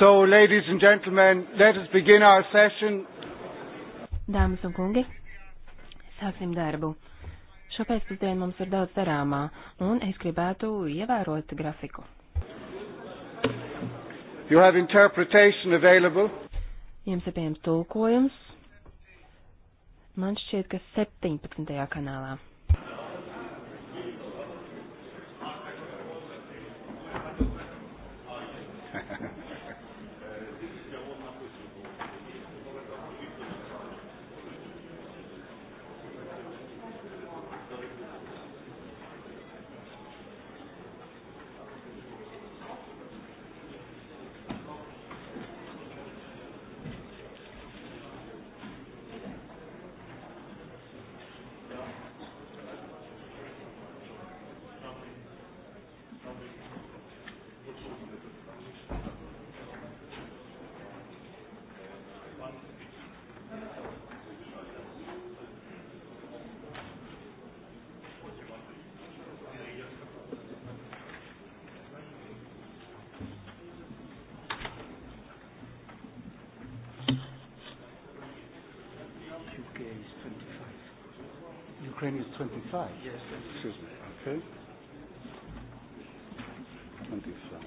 So, ladies and gentlemen, let us begin our session. Dāmas un kungi, sāksim darbu. Šo pēcpusdienu mums ir daudz darāmā, un es gribētu ievērot grafiku. You have interpretation available. Jums ir pieejams tulkojums. Man šķiet, ka 17. kanālā. 25? Yes. Excuse me. Okay. 25.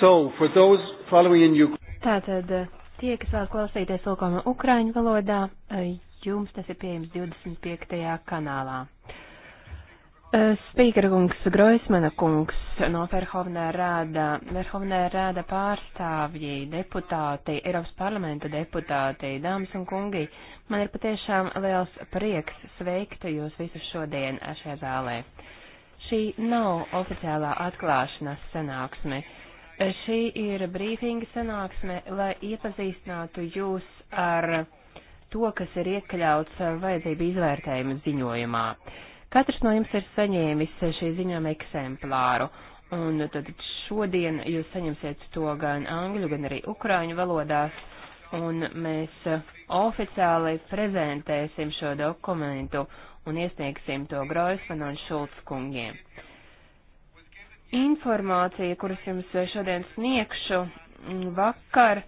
So, for those following in Ukraine. Tātad eh, tie, kas vēl klausīties tulkojumu ukraiņu valodā, eh, jums tas ir pieejams 25. kanālā. Eh, Spīkera kungs, Groismana kungs no Verhovnē rāda, Verhovnē rāda pārstāvji, deputāti, Eiropas parlamenta deputāti, dāmas un kungi. Man ir patiešām liels prieks sveikt jūs visus šodien šajā zālē. Šī nav oficiālā atklāšanas sanāksme. Eh, Šī ir brīfinga sanāksme, lai iepazīstinātu jūs ar to, kas ir iekļauts vajadzību izvērtējuma ziņojumā. Katrs no jums ir saņēmis šī ziņām eksemplāru, un tad šodien jūs saņemsiet to gan angļu, gan arī ukrāņu valodās, un mēs oficiāli prezentēsim šo dokumentu un iesniegsim to Groisman un Šulc kungiem. Informācija, kuras jums šodien sniegšu, vakar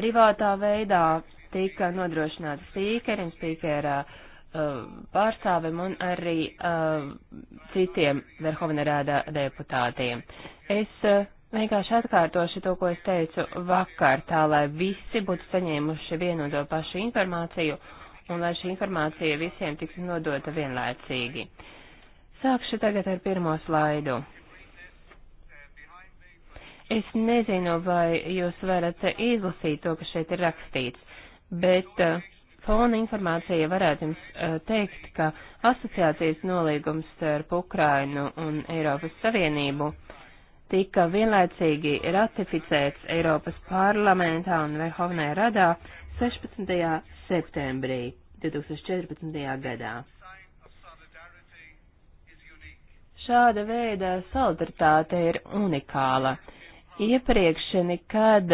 privātā veidā tika nodrošināta spīkeri un spīkerā uh, Uh, pārstāvim un arī uh, citiem Verhovenrāda deputātiem. Es uh, vienkārši atkārtošu to, ko es teicu vakar, tā lai visi būtu saņēmuši vienu un to pašu informāciju un lai šī informācija visiem tiks nodota vienlaicīgi. Sākšu tagad ar pirmo slaidu. Es nezinu, vai jūs varat izlasīt to, kas šeit ir rakstīts, bet uh, fona informācija varētu jums eh, teikt, ka asociācijas nolīgums starp Ukrainu un Eiropas Savienību tika vienlaicīgi ratificēts Eiropas parlamentā un Verhovnē radā 16. septembrī 2014. gadā. Šāda veida solidaritāte ir unikāla. Iepriekš nekad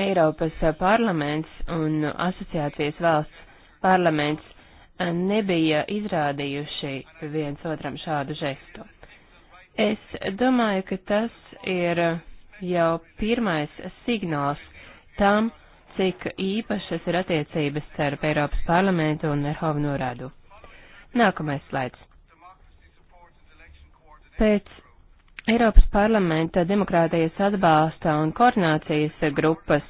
Eiropas parlaments un asociācijas valsts parlaments nebija izrādījuši viens otram šādu žestu. Es domāju, ka tas ir jau pirmais signāls tam, cik īpašas ir attiecības starp Eiropas parlamentu un Verhovnu radu. Nākamais slaids. Pēc Eiropas parlamenta demokrātijas atbalsta un koordinācijas grupas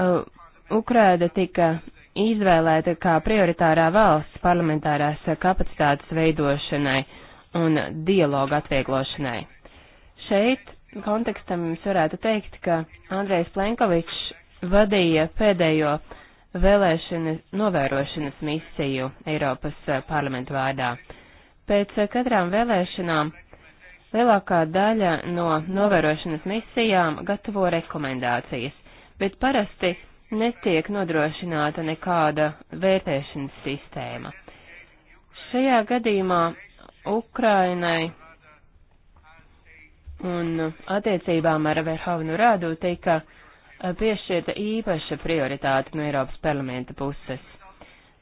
uh, Ukraina tika izvēlēta kā prioritārā valsts parlamentārās kapacitātes veidošanai un dialogu atvieglošanai. Šeit kontekstam jums varētu teikt, ka Andrejs Plenkovičs vadīja pēdējo vēlēšana novērošanas misiju Eiropas parlamentu vārdā. Pēc katrām vēlēšanām Lielākā daļa no novērošanas misijām gatavo rekomendācijas, bet parasti netiek nodrošināta nekāda vērtēšanas sistēma. Šajā gadījumā Ukrainai un attiecībām ar Verhovnu Rādu tika piešķirta īpaša prioritāte no Eiropas parlamenta puses.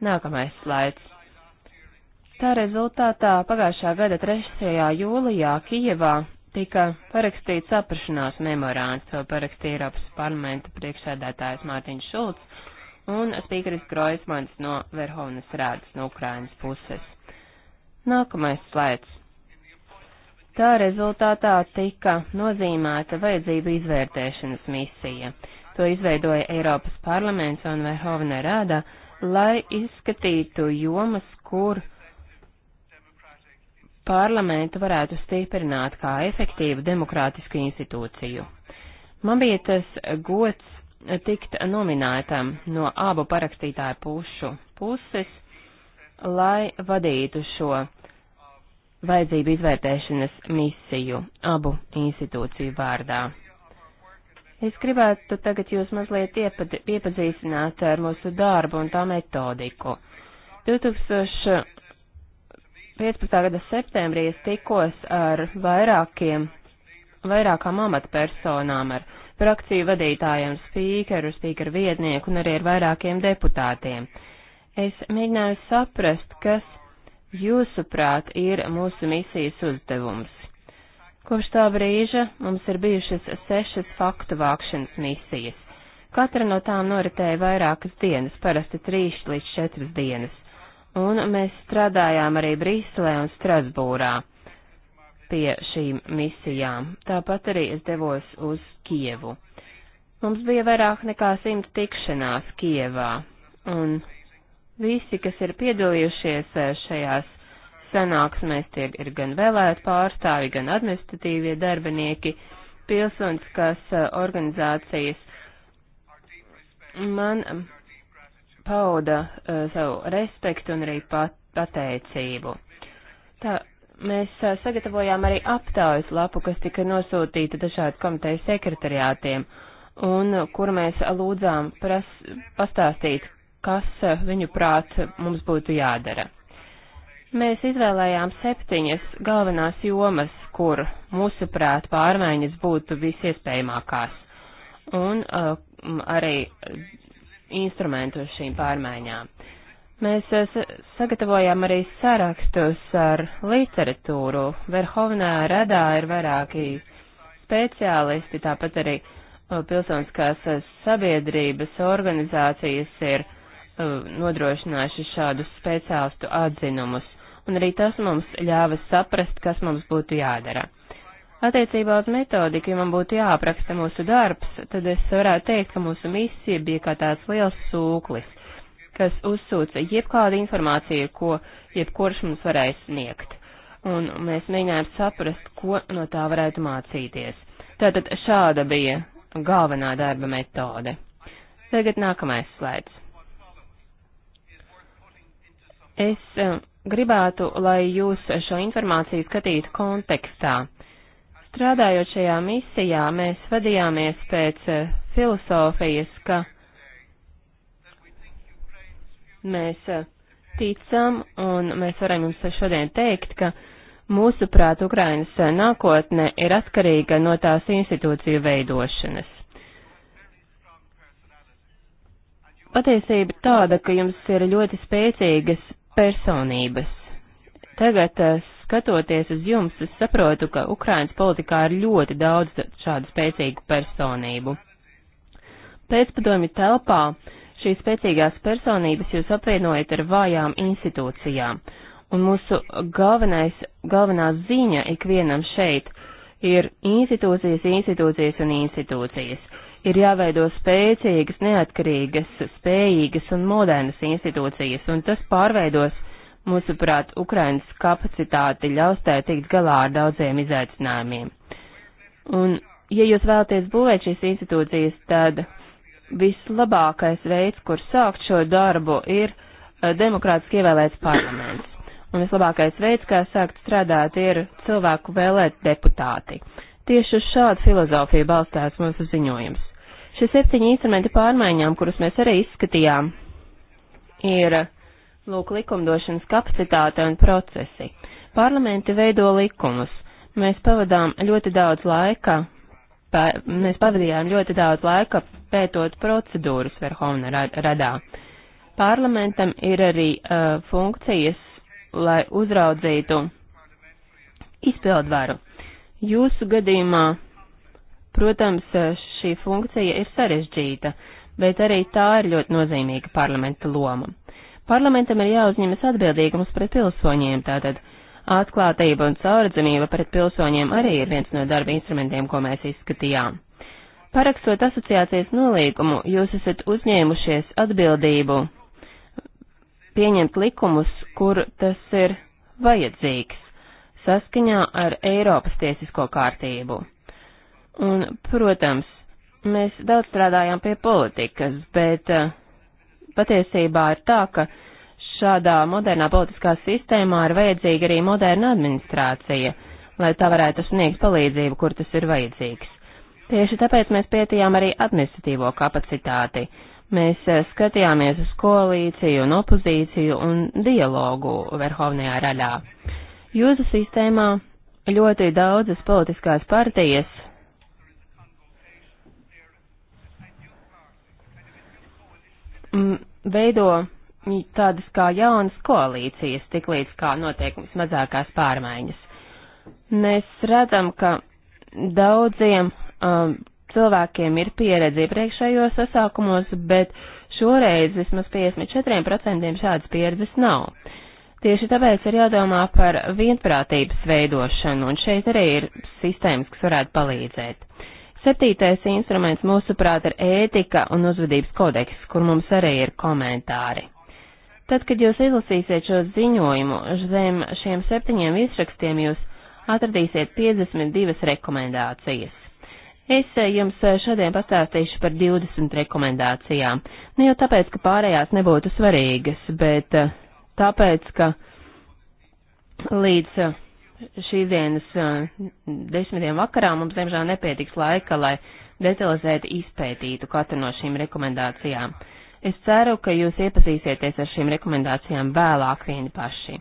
Nākamais slaids. Tā rezultātā pagājušā gada 3. jūlijā Kijevā tika parakstīts saprašanās memorāns, to parakstīja Eiropas parlamenta priekšsēdētājs Mārtiņš Šulcs un spīkeris Groismans no Verhovnas rādas no Ukrainas puses. Nākamais slaids. Tā rezultātā tika nozīmēta vajadzību izvērtēšanas misija. To izveidoja Eiropas parlaments un Verhovna rāda, lai izskatītu jomas, kur uh, parlamentu varētu stiprināt kā efektīvu demokrātisku institūciju. Man bija tas gods tikt nominētam no abu parakstītāju pušu puses, lai vadītu šo vajadzību izvērtēšanas misiju abu institūciju vārdā. Es gribētu tagad jūs mazliet iepad, iepazīstināt ar mūsu darbu un tā metodiku. 2000. 15. gada septembrī es tikos ar vairākiem, vairākām amatpersonām, ar frakciju vadītājiem, spīkeru, spīkeru vietnieku un arī ar vairākiem deputātiem. Es mēģināju saprast, kas jūsuprāt ir mūsu misijas uzdevums. Kopš tā brīža mums ir bijušas sešas faktu vākšanas misijas. Katra no tām noritēja vairākas dienas, parasti trīs līdz četras dienas un mēs strādājām arī Brīselē un Strasbūrā pie šīm misijām. Tāpat arī es devos uz Kievu. Mums bija vairāk nekā simt tikšanās Kievā, un visi, kas ir piedalījušies eh, šajās sanāksmēs, tie ir gan vēlēt pārstāvi, gan administratīvie darbinieki, pilsoniskās eh, organizācijas. Man pauda uh, savu respektu un arī pat, pateicību. Tā, mēs uh, sagatavojām arī aptaujas lapu, kas tika nosūtīta dažādu komiteju sekretariātiem, un uh, eh, kur mēs lūdzām pras, pastāstīt, kas uh, viņu prāt mums būtu jādara. Mēs izvēlējām septiņas galvenās jomas, kur mūsuprāt pārmaiņas būtu visiespējamākās. Un uh, arī instrumentu šīm pārmaiņām. Mēs eh, sagatavojām arī sarakstus ar literatūru. Verhovnā radā ir vairāki speciālisti, tāpat arī eh, pilsoniskās eh, sabiedrības organizācijas ir nodrošinājuši šādus speciālistu atzinumus, un arī tas mums ļāva saprast, kas mums būtu jādara. Attiecībā uz metodiku, ja man būtu jāapraksta mūsu darbs, tad es varētu teikt, ka mūsu misija bija kā tāds liels sūklis, kas uzsūca jebkādu informāciju, ko jebkurš mums varēja sniegt. Un mēs mēģinājām saprast, ko no tā varētu mācīties. Tātad šāda bija galvenā darba metode. Tagad nākamais slaids. Es eh, gribētu, lai jūs šo informāciju skatītu kontekstā Strādājot šajā misijā, mēs vadījāmies pēc eh, filozofijas, ka mēs eh, ticam un mēs varam jums šodien teikt, ka mūsuprāt Ukrainas eh, nākotne ir atkarīga no tās institūciju veidošanas. Patiesība tāda, ka jums ir ļoti spēcīgas personības. Tagad skatoties uz jums, es saprotu, ka Ukrainas politikā ir ļoti daudz šādu spēcīgu personību. Pēcpadomju telpā šīs spēcīgās personības jūs apvienojat ar vājām institūcijām, un mūsu galvenais, galvenā ziņa ikvienam šeit ir institūcijas, institūcijas un institūcijas. Ir jāveido spēcīgas, neatkarīgas, spējīgas un modernas institūcijas, un tas pārveidos Mūsuprāt, Ukrainas kapacitāte ļaus tai tikt galā ar daudziem izaicinājumiem. Un, ja jūs vēlaties būvēt šīs institūcijas, tad vislabākais veids, kur sākt šo darbu, ir eh, demokrātiski ievēlēts parlaments. Un vislabākais veids, kā sākt strādāt, ir cilvēku vēlēt deputāti. Tieši uz šādu filozofiju balstās mūsu ziņojums. Šie septiņi instrumenti pārmaiņām, kurus mēs arī izskatījām, ir uh, Lūk, likumdošanas kapacitāte un procesi. Parlamenti veido likumus. Mēs pavadām ļoti daudz laika, pē, mēs pavadījām ļoti daudz laika pētot procedūras Verhovna radā. Parlamentam ir arī uh, funkcijas, lai uzraudzītu izpildvaru. Jūsu gadījumā, protams, uh, šī funkcija ir sarežģīta, bet arī tā ir ļoti nozīmīga parlamenta loma. Parlamentam ir jāuzņemas atbildīgums pret pilsoņiem, tātad atklātība un caurredzamība pret pilsoņiem arī ir viens no darba instrumentiem, ko mēs izskatījām. Parakstot asociācijas nolīgumu, jūs esat uzņēmušies atbildību pieņemt likumus, kur tas ir vajadzīgs, saskaņā ar Eiropas tiesisko kārtību. Un, protams, mēs daudz strādājām pie politikas, bet uh, Patiesībā ir tā, ka šādā modernā politiskā sistēmā ir vajadzīga arī moderna administrācija, lai tā varētu sniegt palīdzību, kur tas ir vajadzīgs. Tieši tāpēc mēs pētījām arī administratīvo kapacitāti. Mēs eh, skatījāmies uz koalīciju un opozīciju un dialogu Verhovnajā raļā. Jūsu sistēmā ļoti daudzas politiskās partijas veido tādas kā jaunas koalīcijas, tiklīdz kā notiek mazākās pārmaiņas. Mēs redzam, ka daudziem um, cilvēkiem ir pieredze iepriekšējos sasākumos, bet šoreiz vismaz 54% šādas pieredzes nav. Tieši tāpēc ir jādomā par vienprātības veidošanu, un šeit arī ir sistēmas, kas varētu palīdzēt. Septītais instruments mūsuprāt ir ētika un uzvedības kodeks, kur mums arī ir komentāri. Tad, kad jūs izlasīsiet šo ziņojumu, zem šiem septiņiem izrakstiem jūs atradīsiet 52 rekomendācijas. Es eh, jums eh, šodien pastāstīšu par 20 rekomendācijām. Ne nu, jau tāpēc, ka pārējās nebūtu svarīgas, bet eh, tāpēc, ka līdz šīs dienas desmitiem vakarā mums, diemžēl, nepietiks laika, lai detalizēti izpētītu katru no šīm rekomendācijām. Es ceru, ka jūs iepazīsieties ar šīm rekomendācijām vēlāk vieni paši.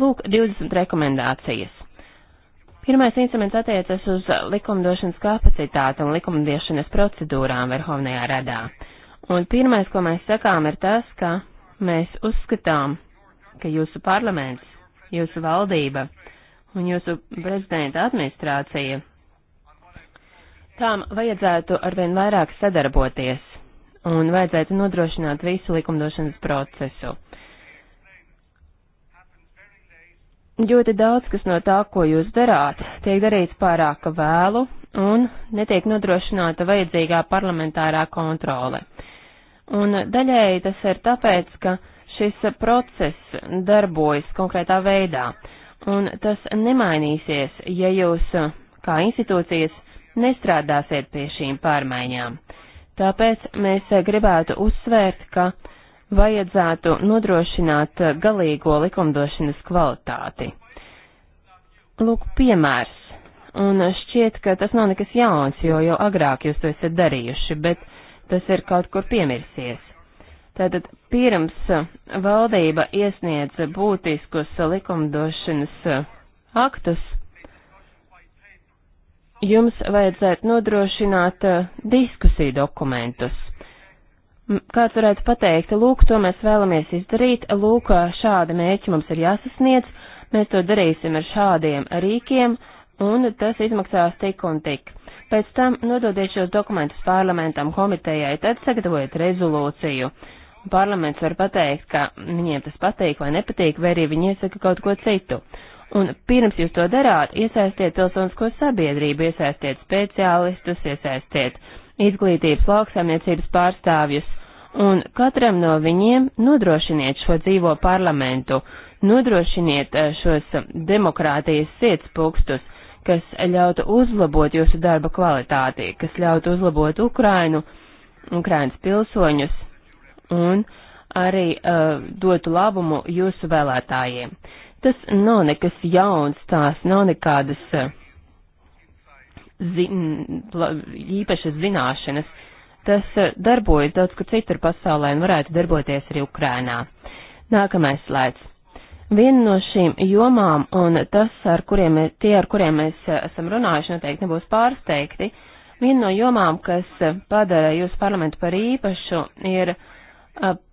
Lūk, 20 rekomendācijas. Pirmais instruments attiecas uz likumdošanas kapacitāti un likumdošanas procedūrām Verhovnajā radā. Un pirmais, ko mēs sakām, ir tas, ka mēs uzskatām, ka jūsu parlaments, jūsu valdība, uh, un jūsu prezidenta administrācija, tām vajadzētu arvien vairāk sadarboties un vajadzētu nodrošināt visu likumdošanas procesu. Ļoti daudz, kas no tā, ko jūs darāt, tiek darīts pārāk vēlu un netiek nodrošināta vajadzīgā parlamentārā kontrole. Un daļēji tas ir tāpēc, ka šis process darbojas konkrētā veidā. Un tas nemainīsies, ja jūs uh, kā institūcijas nestrādāsiet pie šīm pārmaiņām. Tāpēc mēs uh, gribētu uzsvērt, ka vajadzētu nodrošināt uh, galīgo likumdošanas kvalitāti. Lūk, piemērs. Un šķiet, ka tas nav nekas jauns, jo jau agrāk jūs to esat darījuši, bet tas ir kaut kur piemirsies. Tātad pirms uh, valdība iesniedz būtiskus likumdošanas uh, aktus, jums vajadzētu nodrošināt uh, diskusiju dokumentus. Kāds varētu pateikt, lūk, to mēs vēlamies izdarīt, lūk, šādi mērķi mums ir jāsasniedz, mēs to darīsim ar šādiem rīkiem, un tas izmaksās tik un tik. Pēc tam nododiet šos dokumentus parlamentam komitejai, tad sagatavojiet rezolūciju. Uh, parlaments var pateikt, ka viņiem tas patīk vai nepatīk, vai arī viņi iesaka kaut ko citu. Un pirms jūs to darāt, iesaistiet pilsonisko sabiedrību, iesaistiet speciālistus, iesaistiet izglītības lauksaimniecības pārstāvjus, un katram no viņiem nodrošiniet šo dzīvo parlamentu, nodrošiniet eh, šos demokrātijas sietspūkstus, kas ļautu uzlabot jūsu darba kvalitāti, kas ļautu uzlabot Ukrainu, Ukrainas pilsoņus, un arī uh, dotu labumu jūsu vēlētājiem. Tas nav nekas jauns, tās nav nekādas uh, zin, la, īpašas zināšanas. Tas uh, darbojas daudz kur citur pasaulē un varētu darboties arī Ukrānā. Nākamais slaids. Viena no šīm jomām, un tas, ar kuriem, tie, ar kuriem mēs uh, esam runājuši, noteikti nebūs pārsteigti, viena no jomām, kas uh, padara jūsu parlamentu par īpašu, ir uh,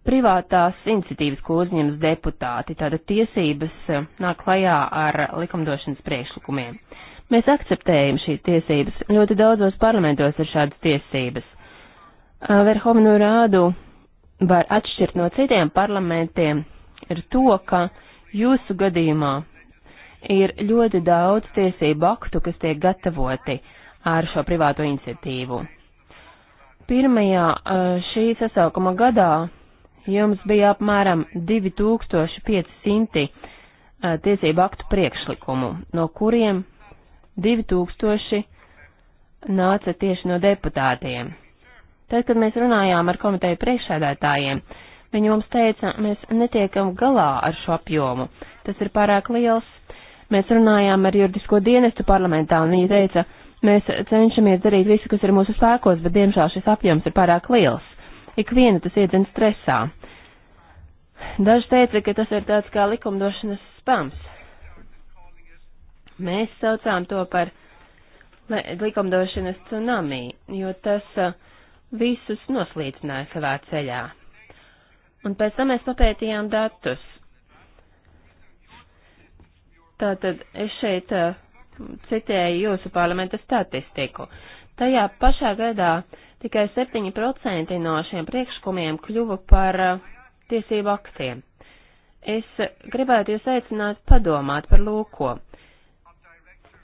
privātās iniciatīvas, ko uzņems deputāti, tāda tiesības nāk klajā ar likumdošanas priekšlikumiem. Mēs akceptējam šīs tiesības. Ļoti daudzos parlamentos ir šādas tiesības. Verhovnu rādu var atšķirt no citiem parlamentiem ar to, ka jūsu gadījumā ir ļoti daudz tiesību aktu, kas tiek gatavoti ar šo privāto iniciatīvu. Pirmajā šī sasaukuma gadā jums bija apmēram 2500 tiesību aktu priekšlikumu, no kuriem 2000 nāca tieši no deputātiem. Tad, kad mēs runājām ar komiteju priekšsēdētājiem, viņi mums teica, mēs netiekam galā ar šo apjomu. Tas ir pārāk liels. Mēs runājām ar juridisko dienestu parlamentā, un viņi teica, uh, Mēs cenšamies darīt visu, kas ir mūsu spēkos, bet diemžēl šis apjoms ir pārāk liels. Ikviena tas iedzina stresā. Daži teica, ka tas ir tāds kā likumdošanas spams. Mēs saucām to par likumdošanas tsunami, jo tas uh, visus noslīcināja savā ceļā. Un pēc tam mēs papētījām datus. Tātad es šeit uh, citēju jūsu parlamenta statistiku. Tajā pašā gadā tikai 7% no šiem priekšlikumiem kļuva par eh, tiesību aktiem. Es gribētu jūs aicināt padomāt par lūko.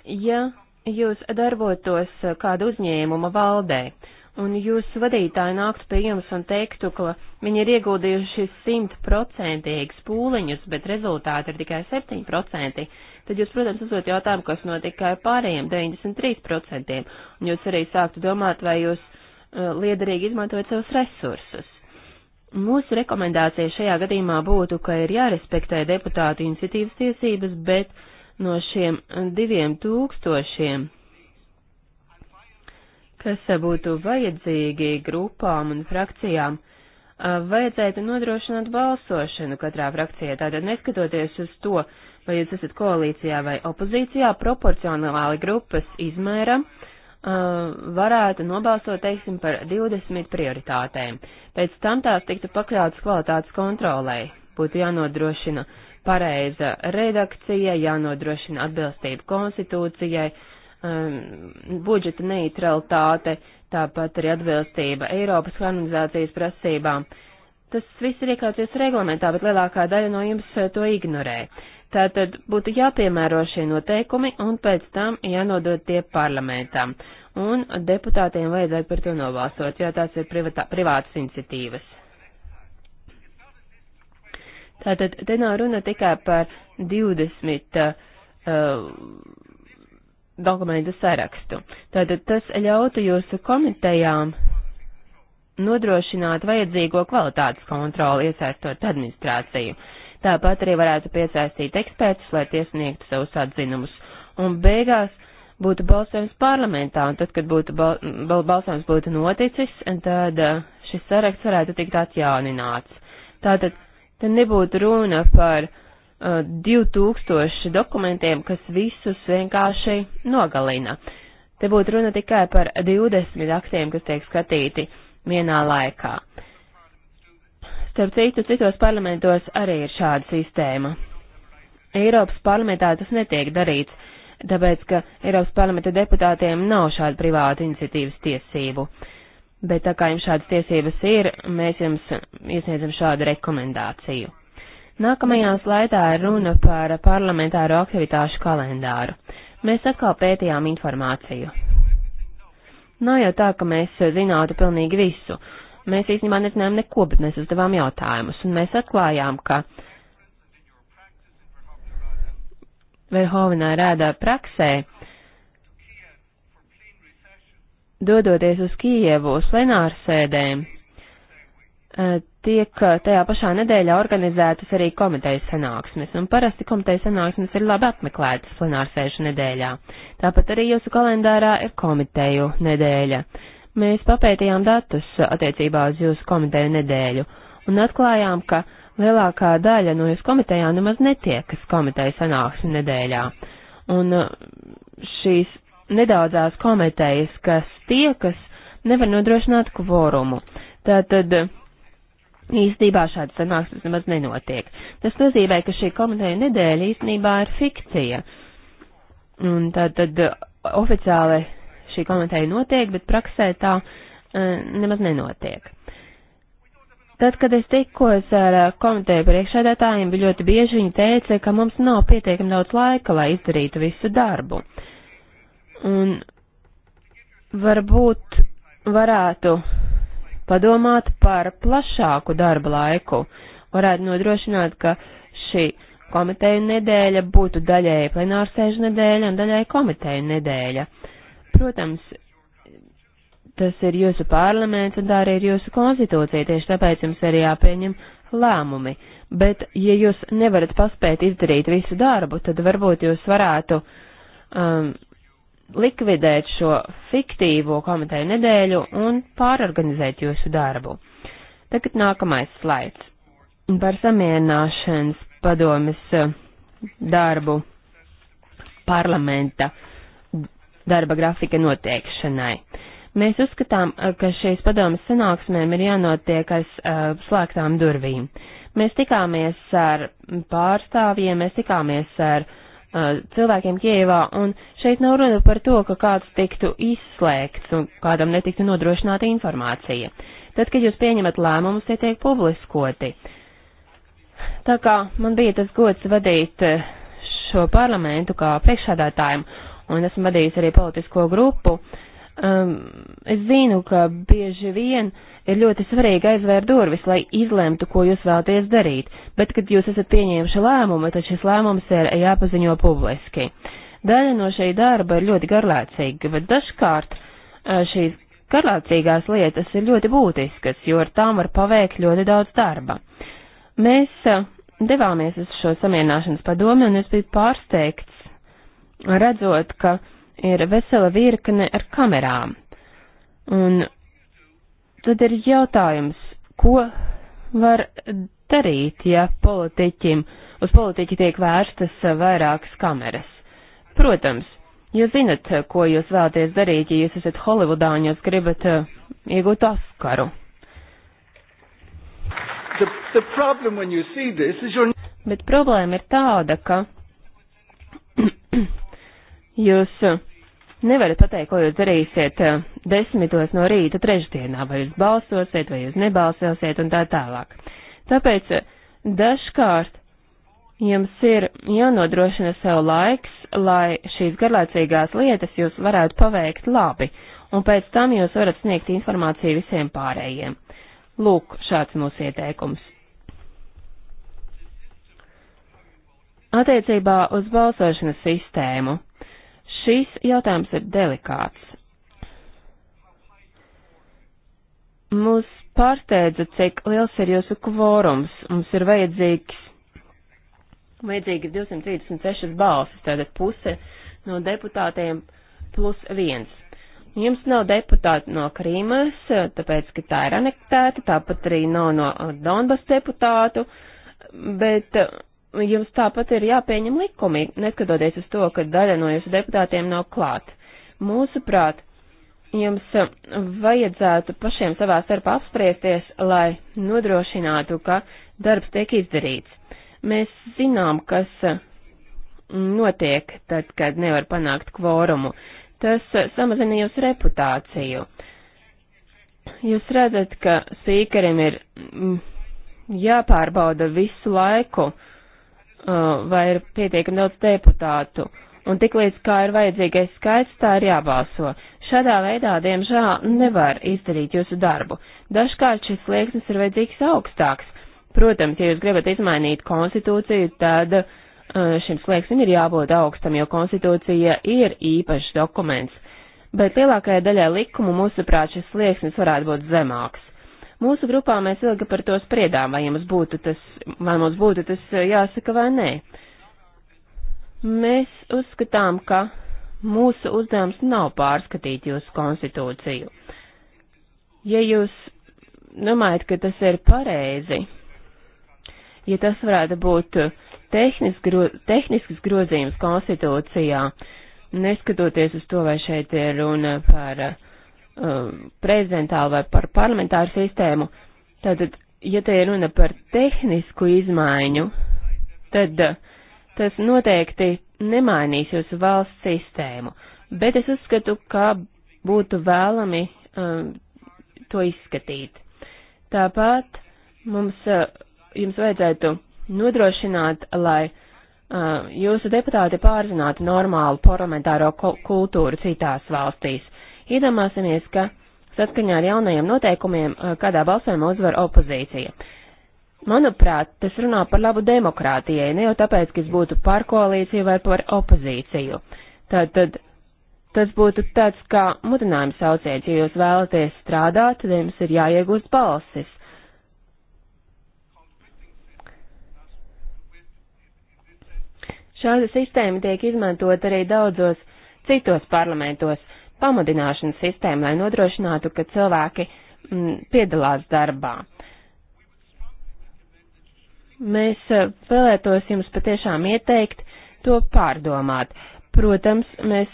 Ja jūs darbotos kādu uzņēmumu valdē, un jūsu vadītāji nāktu pie jums un teiktu, ka viņi ir ieguldījuši simtprocentīgas pūliņus, bet rezultāti ir tikai 7%, tad jūs, protams, uzdot jautājumu, kas notika ar pārējiem 93%, un jūs arī sāktu domāt, vai jūs uh, liederīgi izmantojat savus resursus. Mūsu rekomendācija šajā gadījumā būtu, ka ir jārespektē deputātu iniciatīvas tiesības, bet no šiem diviem tūkstošiem, kas būtu vajadzīgi grupām un frakcijām, uh, vajadzētu nodrošināt balsošanu katrā frakcijā. Tātad neskatoties uz to, vai jūs esat koalīcijā vai opozīcijā, proporcionāli grupas izmēram uh, varētu nobalsot, teiksim, par 20 prioritātēm. Pēc tam tās tiktu pakļautas kvalitātes kontrolē. Būtu jānodrošina pareiza redakcija, jānodrošina atbilstība konstitūcijai, um, budžeta neutralitāte, tāpat arī atbilstība Eiropas harmonizācijas prasībām. Tas viss ir iekļauts jūsu reglamentā, bet lielākā daļa no jums uh, to ignorē. Uh, Tātad būtu jāpiemēro šie noteikumi un pēc tam jānodod tie parlamentam. Un deputātiem vajadzētu par to nobalsot, jo tās ir privatā, privātas iniciatīvas. Tātad te nav runa tikai par 20 uh, dokumentu sarakstu. Tātad tas ļautu jūsu komitejām nodrošināt vajadzīgo kvalitātes kontroli, iesaistot administrāciju. Uh, Tāpat arī varētu piesaistīt ekspertus, lai tie sniegtu savus atzinumus. Un beigās būtu balsojums parlamentā, un tad, kad būtu bal bal balsojums būtu noticis, tad uh, šis saraksts varētu tikt atjaunināts. Tātad te nebūtu runa par uh, 2000 dokumentiem, kas visus vienkārši nogalina. Te būtu runa tikai par 20 aktiem, kas tiek skatīti vienā laikā. Uh, Starp citu, citos parlamentos arī ir šāda sistēma. Eiropas parlamentā tas netiek darīts, tāpēc, ka Eiropas parlamenta deputātiem nav šāda privāta iniciatīvas tiesību. Bet tā kā jums šādas tiesības ir, mēs jums iesniedzam šādu rekomendāciju. Nākamajā slaidā ir runa par parlamentāro aktivitāšu kalendāru. Mēs atkal pētījām informāciju. Nav jau tā, ka mēs zinātu pilnīgi visu, mēs īstenībā nezinājām neko, bet mēs uzdevām jautājumus, un mēs atklājām, ka Verhovinā rādā praksē, dodoties uz Kijevu uz plenārsēdēm, eh, tiek eh, tajā pašā nedēļā organizētas arī komitejas sanāksmes, un parasti komitejas sanāksmes ir labi apmeklētas plenārsēžu nedēļā. Tāpat arī jūsu kalendārā ir komiteju nedēļa. Mēs papētījām datus attiecībā uz jūsu komiteju nedēļu un atklājām, ka lielākā daļa no jūsu komitejā nemaz netiekas komiteju sanāksmi nedēļā. Un uh, šīs nedaudzās komitejas, kas tiekas, nevar nodrošināt kvorumu. Tātad uh, īstenībā šāda sanāksmes nemaz nenotiek. Tas nozīmē, ka šī komiteja nedēļa īstenībā ir fikcija. Un tātad uh, oficiāli šī komiteja notiek, bet praksē tā e, nemaz nenotiek. Tad, kad es tikos ar e, komiteju priekšsēdētājiem, ļoti bieži viņi teica, ka mums nav pietiekami daudz laika, lai izdarītu visu darbu. Un varbūt varētu padomāt par plašāku darba laiku, varētu nodrošināt, ka šī komiteja nedēļa būtu daļēji plenārsēžu nedēļa un daļēji komiteja nedēļa. Uh, Protams, tas ir jūsu parlaments un tā arī ir jūsu konstitūcija, tieši tāpēc jums arī jāpieņem lēmumi. Bet, ja jūs nevarat paspēt izdarīt visu darbu, tad varbūt jūs varētu um, likvidēt šo fiktīvo komiteju nedēļu un pārorganizēt jūsu darbu. Tagad nākamais slaids par samierināšanas padomis uh, darbu parlamenta darba grafika noteikšanai. Mēs uzskatām, eh, ka šīs padomas sanāksmēm ir jānotiek aiz uh, slēgtām durvīm. Mēs tikāmies ar pārstāvjiem, mēs tikāmies ar uh, cilvēkiem Kievā, un šeit nav runa par to, ka kāds tiktu izslēgts un kādam netiktu nodrošināta informācija. Tad, kad jūs pieņemat lēmumus, tie tiek publiskoti. Tā kā man bija tas gods vadīt šo parlamentu kā priekšādātājiem, un esmu vadījis arī politisko grupu. Um, es zinu, ka bieži vien ir ļoti svarīgi aizvērt durvis, lai izlemtu, ko jūs vēlaties darīt, bet, kad jūs esat pieņēmuši lēmumu, tad šis lēmums ir jāpaziņo publiski. Daļa no šī darba ir ļoti garlēcīga, bet dažkārt uh, šīs garlēcīgās lietas ir ļoti būtiskas, jo ar tām var paveikt ļoti daudz darba. Mēs uh, devāmies uz šo samierināšanas padomi, un es biju pārsteigts, redzot, ka ir vesela virkne ar kamerām. Un tad ir jautājums, ko var darīt, ja politiķim, uz politiķi tiek vērstas vairākas kameras. Protams, jūs zinat, ko jūs vēlaties darīt, ja jūs esat Holivudā un jūs gribat uh, iegūt Oskaru. The, the problem your... Bet problēma ir tāda, ka Jūs uh, nevarat pateikt, ko jūs darīsiet uh, desmitos no rīta trešdienā, vai jūs balsosiet, vai jūs nebalsosiet un tā tālāk. Tāpēc uh, dažkārt jums ir jānodrošina sev laiks, lai šīs garlaicīgās lietas jūs varētu paveikt labi, un pēc tam jūs varat sniegt informāciju visiem pārējiem. Lūk, šāds mūsu ieteikums. Attiecībā uz balsošanas sistēmu Šis jautājums ir delikāts. Mūs pārsteidza, cik liels ir jūsu kvorums. Mums ir vajadzīgs, vajadzīgas 236 balsis, tātad puse no deputātiem plus viens. Jums nav deputāti no Krīmas, tāpēc, ka tā ir anektēta, tāpat arī nav no Donbas deputātu, bet jums tāpat ir jāpieņem likumi, neskatoties uz to, ka daļa no jūsu deputātiem nav klāt. Mūsuprāt, jums eh, vajadzētu pašiem savā starpā apspriesties, lai nodrošinātu, ka darbs tiek izdarīts. Mēs zinām, kas eh, notiek tad, kad nevar panākt kvorumu. Tas eh, samazina jūsu reputāciju. Jūs redzat, ka sīkarim ir mm, jāpārbauda visu laiku, uh, Uh, vai ir pietiekami daudz deputātu. Un tiklīdz kā ir vajadzīgais skaits, tā ir jābalso. Šādā veidā, diemžēl, nevar izdarīt jūsu darbu. Dažkārt šis slieksnis ir vajadzīgs augstāks. Protams, ja jūs gribat izmainīt konstitūciju, tad uh, šim slieksnim ir jābūt augstam, jo konstitūcija ir īpašs dokuments. Bet lielākajai daļai likumu, mūsuprāt, šis slieksnis varētu būt zemāks. Mūsu grupā mēs ilgi par to spriedām, vai mums būtu tas, vai mums būtu tas eh, jāsaka vai nē. Mēs uzskatām, ka mūsu uzdevums nav pārskatīt jūsu konstitūciju. Ja jūs domājat, ka tas ir pareizi, ja tas varētu būt tehnisks, gro, tehnisks grozījums konstitūcijā, neskatoties uz to, vai šeit ir runa par uh, um, prezidentālu vai par parlamentāru sistēmu, tātad, ja te ir runa par tehnisku izmaiņu, tad uh, tas noteikti nemainīs jūsu valsts sistēmu, bet es uzskatu, ka būtu vēlami um, to izskatīt. Tāpat mums, uh, jums vajadzētu nodrošināt, lai uh, jūsu deputāti pārzinātu normālu parlamentāro kultūru citās valstīs, Iedomāsimies, ka saskaņā ar jaunajiem noteikumiem kādā balsojumā uzvar opozīcija. Manuprāt, tas runā par labu demokrātijai, ne jau tāpēc, ka es būtu par koalīciju vai par opozīciju. Tātad tas būtu tāds kā mudinājums sauciet, ja jūs vēlaties strādāt, tad jums ir jāiegūst balsis. Šāda sistēma tiek izmantot arī daudzos citos parlamentos pamudināšanas sistēmu, lai nodrošinātu, ka cilvēki m, mm, piedalās darbā. Mēs eh, vēlētos jums patiešām ieteikt to pārdomāt. Protams, mēs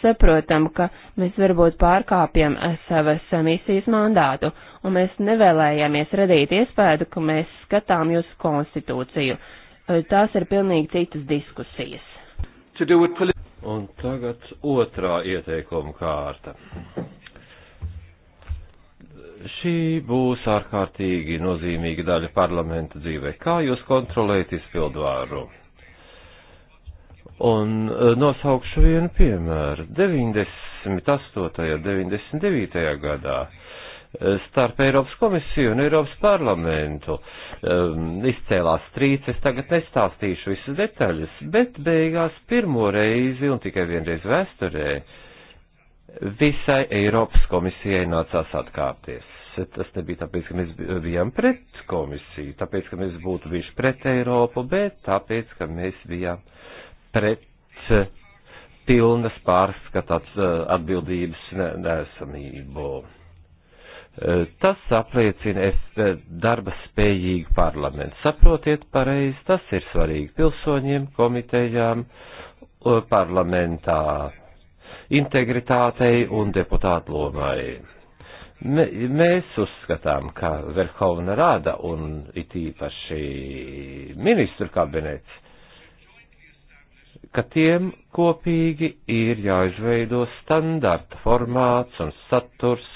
saprotam, ka mēs varbūt pārkāpjam eh, savas eh, misijas mandātu, un mēs nevēlējāmies radīt iespēju, ka mēs skatām jūsu konstitūciju. Tās ir pilnīgi citas diskusijas. Un tagad otrā ieteikuma kārta. Šī būs ārkārtīgi nozīmīga daļa parlamenta dzīvē. Kā jūs kontrolējat izpildvāru? Un eh, nosaukšu vienu piemēru. 98. un 99. gadā starp Eiropas komisiju un Eiropas parlamentu. Um, izcēlās strīds, es tagad nestāstīšu visas detaļas, bet beigās pirmo reizi un tikai vienreiz vēsturē visai Eiropas komisijai nācās atkāpties. Tas nebija tāpēc, ka mēs bijām pret komisiju, tāpēc, ka mēs būtu bijuši pret Eiropu, bet tāpēc, ka mēs bijām pret pilnas pārskatāt eh, atbildības nesamību. Ne Tas apliecina eh, darba spējīgu parlamentu. Saprotiet pareizi, tas ir svarīgi pilsoņiem, komitejām, parlamentā, integritātei un deputātu lomai. Mēs uzskatām, ka Verhovna Rada un it īpaši ministru kabinets ka tiem kopīgi ir jāizveido standarta formāts un saturs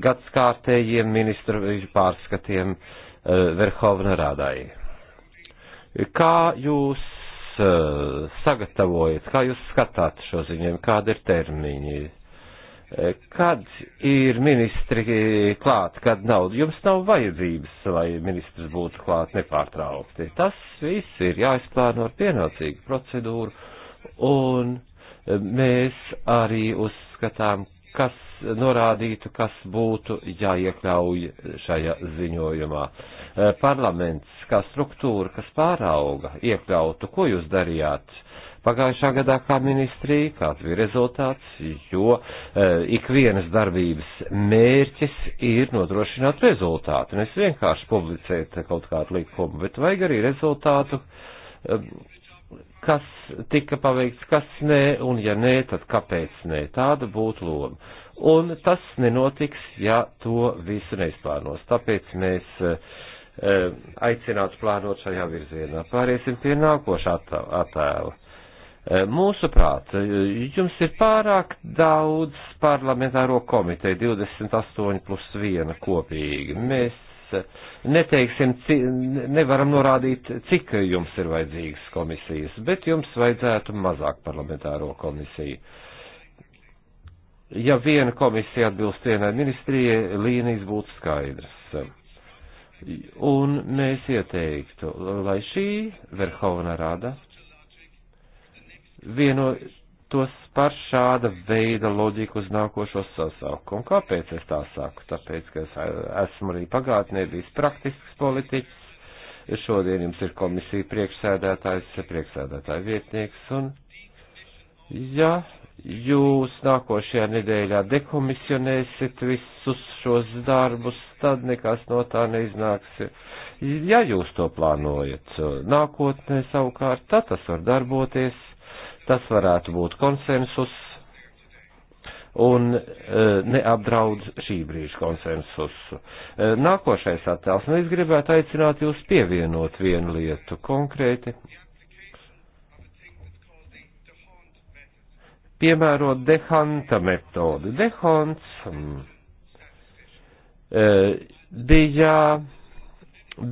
gadskārtējiem ministru pārskatiem eh, Verhovna Rādai. Kā jūs eh, sagatavojat, kā jūs skatāt šo ziņojumu, kāda ir termiņi? Eh, kad ir ministri klāt, kad nav? Jums nav vajadzības, lai ministrs būtu klāt nepārtraukti. Tas viss ir jāizplāno ar pienācīgu procedūru, un mēs arī uzskatām, kas norādītu, kas būtu jāiekļauj šajā ziņojumā. Eh, parlaments kā struktūra, kas pārauga, iekļautu, ko jūs darījāt pagājušā gadā kā ministrija, kāds bija rezultāts, jo eh, ikvienas darbības mērķis ir nodrošināt rezultātu. Nevis vienkārši publicēt kaut kādu likumu, bet vajag arī rezultātu eh, kas tika paveikts, kas nē, un ja nē, tad kāpēc nē. Tāda būtu loma un tas nenotiks, ja to visu neizplānos. Tāpēc mēs eh, aicinātu plānot šajā virzienā. Pāriesim pie nākošā attēla. Eh, mūsuprāt, jums ir pārāk daudz parlamentāro komiteju, 28 plus 1 kopīgi. Mēs eh, neteiksim, nevaram norādīt, cik jums ir vajadzīgas komisijas, bet jums vajadzētu mazāk parlamentāro komisiju. Uh, ja viena komisija atbilst vienai ministrijai, līnijas būtu skaidrs. Un mēs ieteiktu, lai šī Verhovna rada vienotos par šāda veida loģiku uz nākošo sasaukumu. Kāpēc es tā saku? Tāpēc, ka es esmu arī pagātnē bijis praktisks politiķis, šodien jums ir komisija priekšsēdētājs, priekšsēdētāja vietnieks, un ja jūs nākošajā nedēļā dekomisionēsiet visus šos darbus, tad nekas no tā neiznāks. Ja jūs to plānojat nākotnē savukārt, tad tas var darboties, tas varētu būt konsensus un e, neapdraud šī brīža konsensusu. E, nākošais attēls, nu es gribētu aicināt jūs pievienot vienu lietu konkrēti piemēro dehanta metodi. Dehants mm, e, bija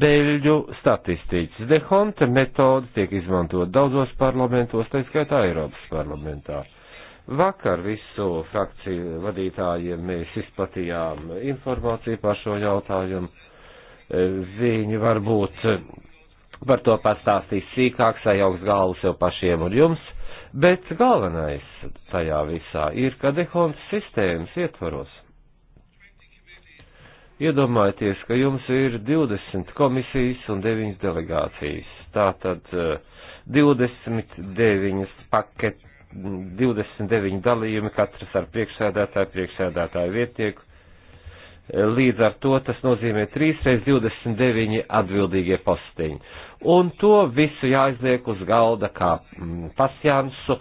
beļģu statistiķis. Dehanta metode tiek izmantot daudzos parlamentos, tā skaitā Eiropas parlamentā. Vakar visu frakciju vadītājiem mēs izplatījām informāciju par šo jautājumu. E, viņi varbūt par to pastāstīs sīkāk, sajauks galvu sev pašiem un jums. Bet galvenais tajā visā ir, ka dehontas sistēmas ietvaros. Iedomājieties, ka jums ir 20 komisijas un 9 delegācijas. Tātad 29 eh, paket, 29 dalījumi, katrs ar priekšsēdētāju, priekšsēdētāju vietnieku, Līdz ar to tas nozīmē 3x29 atbildīgie posteņi. Un to visu jāizliek uz galda kā mm, pasjansu,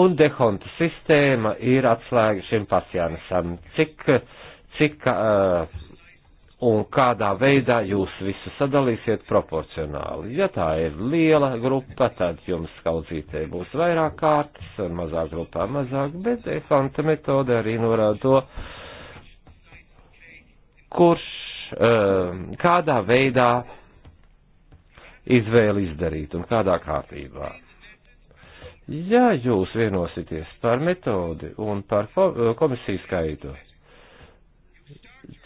un dehonta sistēma ir atslēga šim pasjansam. Cik, cik uh, un kādā veidā jūs visu sadalīsiet proporcionāli. Ja tā ir liela grupa, tad jums skaudzītē būs vairāk kārtas un mazāk grupā mazāk, bet defanta metode arī norāda to, kurš um, kādā veidā izvēli izdarīt un kādā kārtībā. Ja jūs vienosities par metodi un par komisiju skaitu,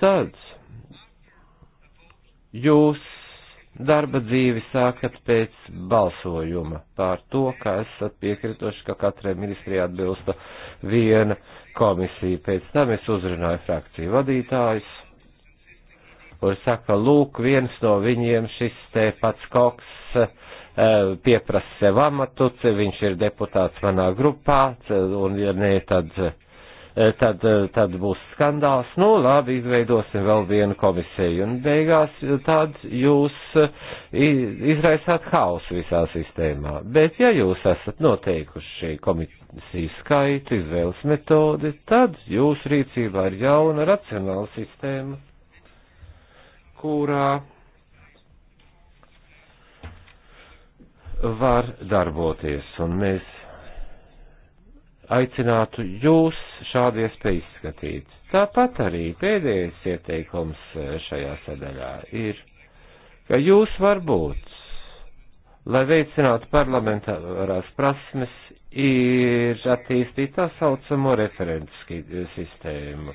tad jūs darba dzīvi sākat pēc balsojuma pār to, ka esat piekritoši, ka katrai ministrijai atbilsta viena komisija. Pēc tam es uzrunāju frakciju vadītājus un saka, lūk, viens no viņiem šis te pats koks eh, pieprasa sev amatu, viņš ir deputāts manā grupā, un ja nē, tad, eh, tad, eh, tad būs skandāls. Nu, labi, izveidosim vēl vienu komisiju, un beigās tad jūs izraisāt hausu visā sistēmā. Bet ja jūs esat noteikuši komisiju skaitu, izvēles metodi, tad jūs rīcībā ir jauna racionāla sistēma kurā var darboties, un mēs aicinātu jūs šādu iespēju izskatīt. Tāpat arī pēdējais ieteikums eh, šajā sadaļā ir, ka jūs varbūt, lai veicinātu parlamentārās prasmes, ir attīstīt tā saucamo referents sistēmu.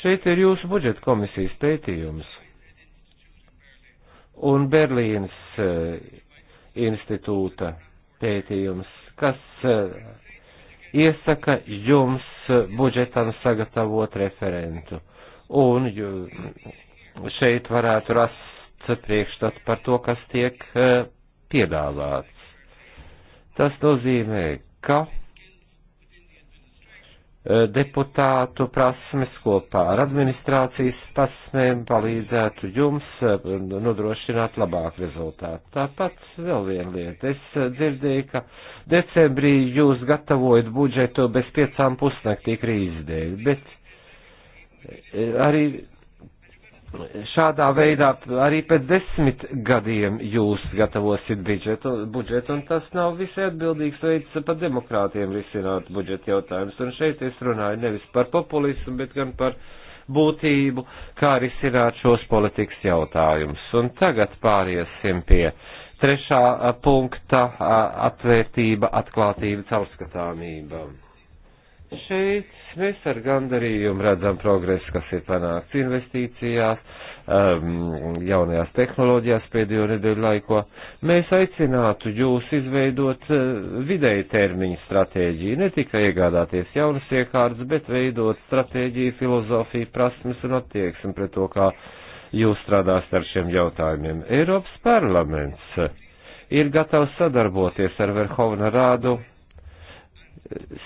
Šeit ir jūsu budžeta komisijas pētījums un Berlīnas eh, institūta pētījums, kas eh, iesaka jums budžetam sagatavot referentu. Un šeit varētu rast priekšstats par to, kas tiek eh, piedāvāts. Tas nozīmē, ka Eh, deputātu prasmes kopā ar administrācijas prasmēm palīdzētu jums eh, nodrošināt labāku rezultātu. Tāpat vēl viena lieta. Es eh, dzirdēju, ka decembrī jūs gatavojat budžetu bez piecām pusnaktī krīzes dēļ, bet arī šādā veidā arī pēc desmit gadiem jūs gatavosit budžetu, budžetu un tas nav visai atbildīgs veids pat demokrātiem risināt budžeta jautājumus. Un šeit es runāju nevis par populismu, bet gan par būtību, kā risināt šos politikas jautājumus. Un tagad pāriesim pie trešā punkta atvērtība, atklātība, caurskatāmība. Šeit Mēs ar gandarījumu redzam progresu, kas ir panākts investīcijās, um, jaunajās tehnoloģijās pēdējo nedēļu laiko. Mēs aicinātu jūs izveidot uh, vidēji termiņu stratēģiju, ne tikai iegādāties jaunas iekārtas, bet veidot stratēģiju, filozofiju, prasmes un attieksmi pret to, kā jūs strādāsiet ar šiem jautājumiem. Eiropas parlaments uh, ir gatavs sadarboties ar Verhovna Rādu,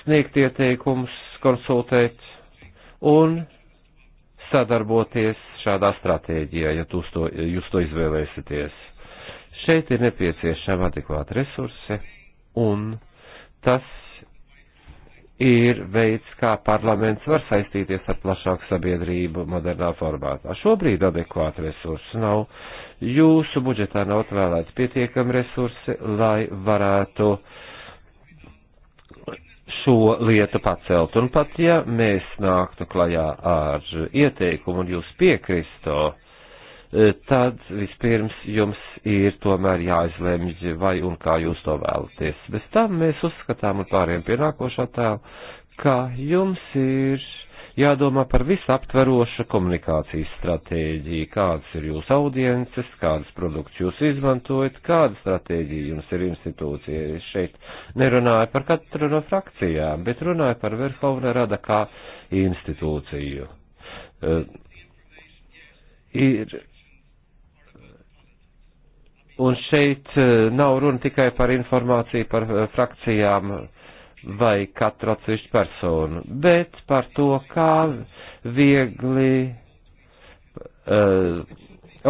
sniegt ieteikumus konsultēt un sadarboties šādā stratēģijā, ja tu to, jūs to izvēlēsieties. Šeit ir nepieciešama adekvāta resurse, un tas ir veids, kā parlaments var saistīties ar plašāku sabiedrību modernā formātā. Šobrīd adekvāta resursa nav. Jūsu budžetā nav atvēlēts pietiekami resursi, lai varētu uh, šo lietu pacelt. Un pat ja mēs nāktu klajā ar ieteikumu un jūs piekristo, e, tad vispirms jums ir tomēr jāizlemj, vai un kā jūs to vēlaties. Bez tam mēs uzskatām un pāriem pienākošā tēlu, ka jums ir jādomā par visaptverošu komunikācijas stratēģiju, kādas ir jūsu audiences, kādas produkts jūs izmantojat, kāda stratēģija jums ir institūcija. Es šeit nerunāju par katru no frakcijām, bet runāju par Verhovna rada kā institūciju. Uh, ir Un šeit eh, nav runa tikai par informāciju par eh, frakcijām vai katru atsevišķu personu, bet par to, kā viegli uh,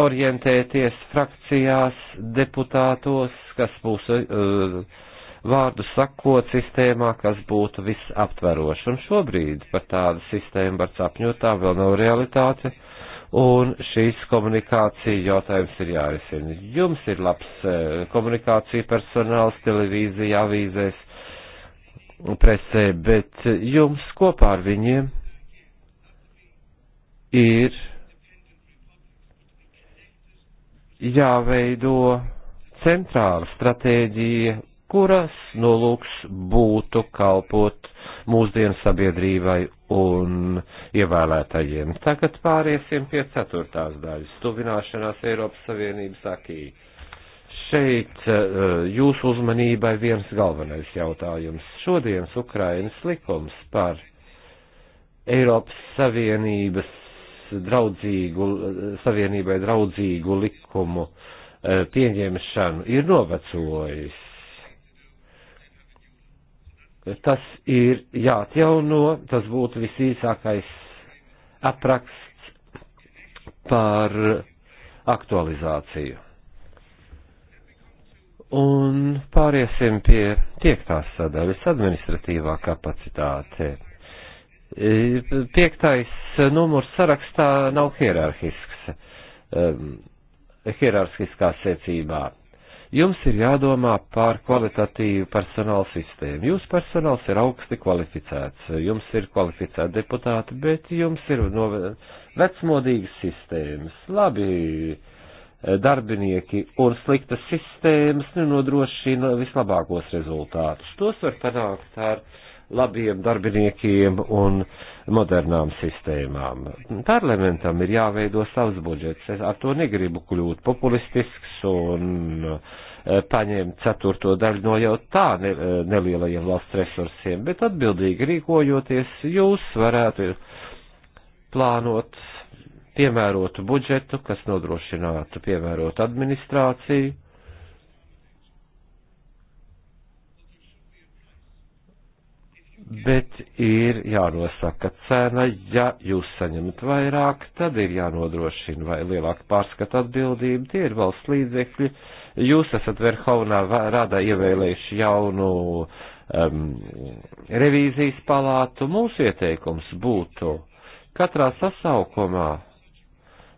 orientēties frakcijās, deputātos, kas būs uh, vārdu sakot sistēmā, kas būtu visaptveroši. Un šobrīd par tādu sistēmu var sapņot, tā vēl nav realitāte. Un šīs komunikācija jautājums ir jārisina. Jums ir labs eh, komunikācija personāls televīzija, avīzēs, presē, bet jums kopā ar viņiem ir jāveido centrāla stratēģija, kuras nolūks būtu kalpot mūsdienu sabiedrībai un ievēlētajiem. Tagad pāriesim pie ceturtās daļas - tuvināšanās Eiropas Savienības akī šeit eh, jūsu uzmanībai viens galvenais jautājums. Šodienas Ukrainas likums par Eiropas Savienības draudzīgu, eh, Savienībai draudzīgu likumu eh, pieņemšanu ir novecojis. Tas ir jāatjauno, tas būtu visīsākais apraksts par aktualizāciju. Un pāriesim pie piektās sadaļas - administratīvā kapacitāte. E, piektais numurs sarakstā nav hierarhisks, um, hierarhiskā secībā. Jums ir jādomā par kvalitatīvu personāla sistēmu. Jūsu personāls ir augsti kvalificēts, jums ir kvalificēti deputāti, bet jums ir no vecmodīgas sistēmas. Labi, uh, Eh, darbinieki un sliktas sistēmas nenodrošina vislabākos rezultātus. Tos var panākt ar labiem darbiniekiem un modernām sistēmām. Parlamentam ir jāveido savs budžets. Es ar to negribu kļūt populistisks un eh, paņemt ceturto daļu no jau tā eh, nelielajiem valsts resursiem, bet atbildīgi rīkojoties, jūs varētu plānot piemērotu budžetu, kas nodrošinātu piemērotu administrāciju. Bet ir jānosaka cena, ja jūs saņemat vairāk, tad ir jānodrošina vai lielāka pārskata atbildība, tie ir valsts līdzekļi. Jūs esat Verhovnā rada ievēlējuši jaunu um, revīzijas palātu. Mūsu ieteikums būtu katrā sasaukumā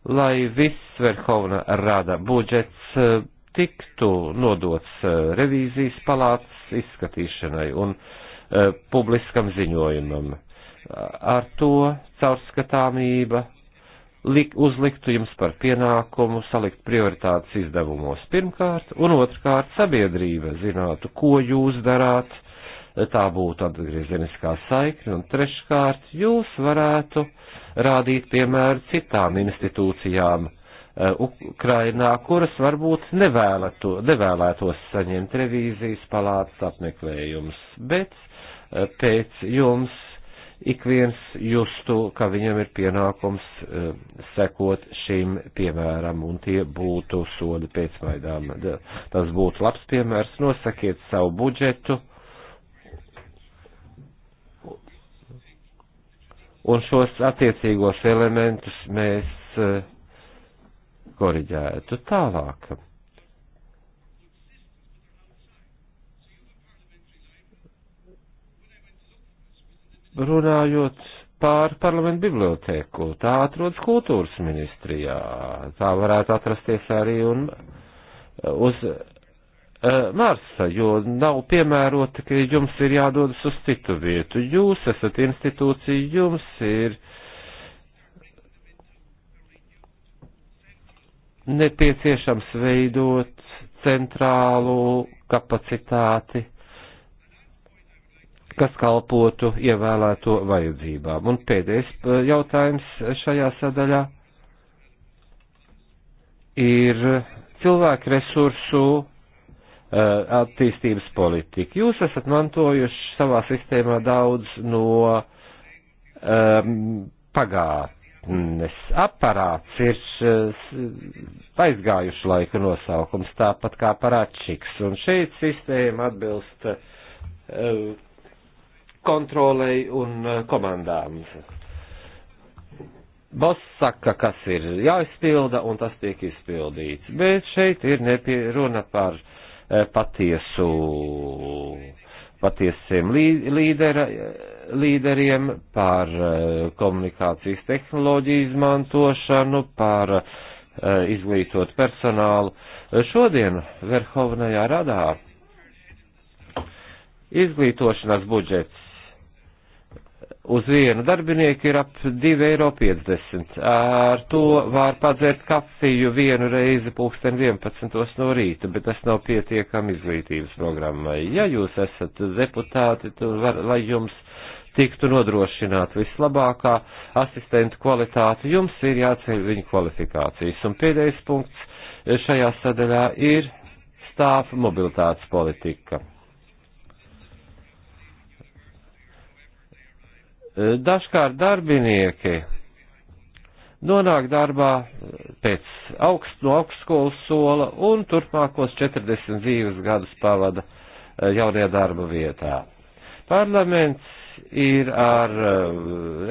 lai viss Verhovna rada budžets eh, tiktu nodots eh, revīzijas palātas izskatīšanai un eh, publiskam ziņojumam. Ar to caurskatāmība lik, uzliktu jums par pienākumu salikt prioritātes izdevumos pirmkārt, un otrkārt sabiedrība zinātu, ko jūs darāt, tā būtu atgriezeniskā saikne, un treškārt jūs varētu rādīt piemēru citām institūcijām eh, Ukrainā, kuras varbūt nevēlēto, nevēlētos saņemt revīzijas palātas apmeklējumus, bet eh, pēc jums ik viens justu, ka viņam ir pienākums uh, sekot šim piemēram, un tie būtu sodi pēc maidām. Tas būtu labs piemērs, nosakiet savu budžetu, un šos attiecīgos elementus mēs eh, koriģētu tālāk. Runājot pār parlamentu bibliotēku, tā atrodas kultūras ministrijā, tā varētu atrasties arī un uz Eh, Marsa, jo nav piemērota, ka jums ir jādodas uz citu vietu. Jūs esat institūcija, jums ir nepieciešams veidot centrālu kapacitāti, kas kalpotu ievēlēto vajadzībām. Un pēdējais eh, jautājums šajā sadaļā ir cilvēku resursu Uh, attīstības politika. Jūs esat mantojuši savā sistēmā daudz no um, pagātnes. Aparāts ir uh, aizgājuši laika nosaukums, tāpat kā parāčiks. Un šeit sistēma atbilst uh, kontrolei un uh, komandām. Boss saka, kas ir jāizpilda, un tas tiek izpildīts. Bet šeit ir nepie, runa par uh, Eh, patiesu, patiesiem līdera, līderiem, par eh, komunikācijas tehnoloģiju izmantošanu, par eh, izglītot personālu. Šodien Verhovnajā radā izglītošanas budžets uz vienu darbinieku ir ap 2,50 eiro. Ar to var padzert kafiju vienu reizi pulksten 11 no rīta, bet tas nav pietiekami izglītības programmai. Ja jūs esat deputāti, tad var, lai jums tiktu nodrošināt vislabākā asistenta kvalitāte, jums ir jāceļ viņa kvalifikācijas. Un pēdējais punkts šajā sadaļā ir stāv mobilitātes politika Dažkārt darbinieki nonāk darbā pēc augst, no augstskolas sola un turpmākos 40 dzīves gadus pavada e, jaunajā darba vietā. Parlaments ir ar, e,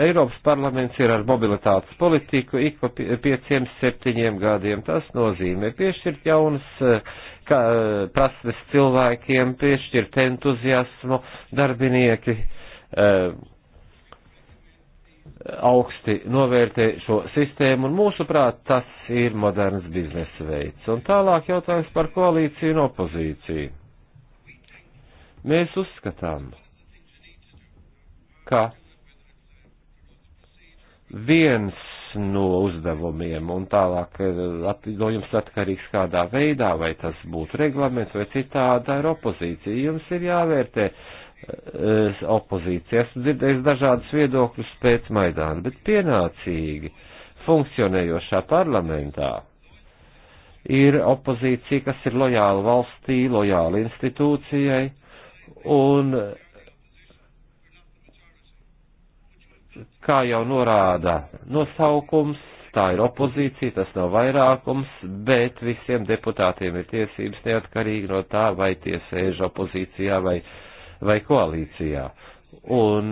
Eiropas parlaments ir ar mobilitātes politiku ik pa pieciem, septiņiem gadiem. Tas nozīmē piešķirt jaunas e, kā, prasmes cilvēkiem, piešķirt entuziasmu, darbinieki augsti novērtē šo sistēmu, un mūsuprāt, tas ir moderns biznesa veids. Un tālāk jautājums par koalīciju un opozīciju. Mēs uzskatām, ka viens no uzdevumiem, un tālāk eh, no jums atkarīgs kādā veidā, vai tas būtu reglaments vai citādā, ir opozīcija. Jums ir jāvērtē opozīcija. Esmu dzirdējis dažādas viedokļus pēc Maidāna, bet pienācīgi funkcionējošā parlamentā ir opozīcija, kas ir lojāla valstī, lojāla institūcijai, un kā jau norāda nosaukums, tā ir opozīcija, tas nav vairākums, bet visiem deputātiem ir tiesības neatkarīgi no tā, vai tie sēž opozīcijā vai opozīcijā vai koalīcijā. Un